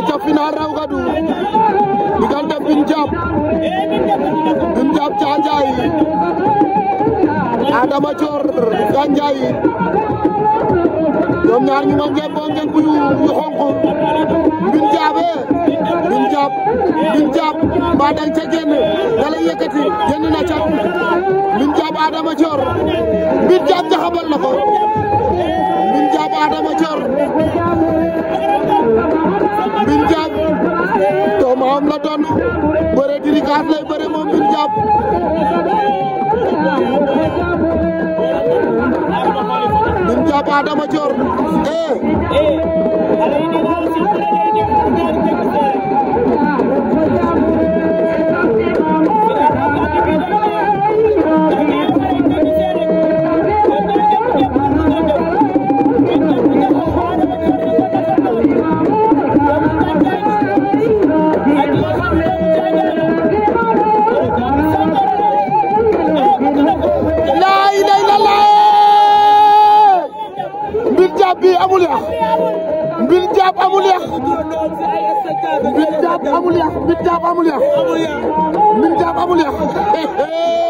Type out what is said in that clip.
aca final raw gadu diggante Adama Dior Ganjay ñoom ñaar ñu ngi ngeen boog ngeen buyu yu xonq Binjabe eh. Binjab Binjab mbaa dañ ca génn da na ca Binjab Adama Dior Binjab jaxabal na ko Binjab Adama Dior moom la doon bëre diri kaas lay bëre moom Mbine Diack Mbine Diack Adama Dior eh fii amul yàq mbin jaab amul yàq mbin jaab amul yàq mbin jaab amul yàq mbin jaab amul yàq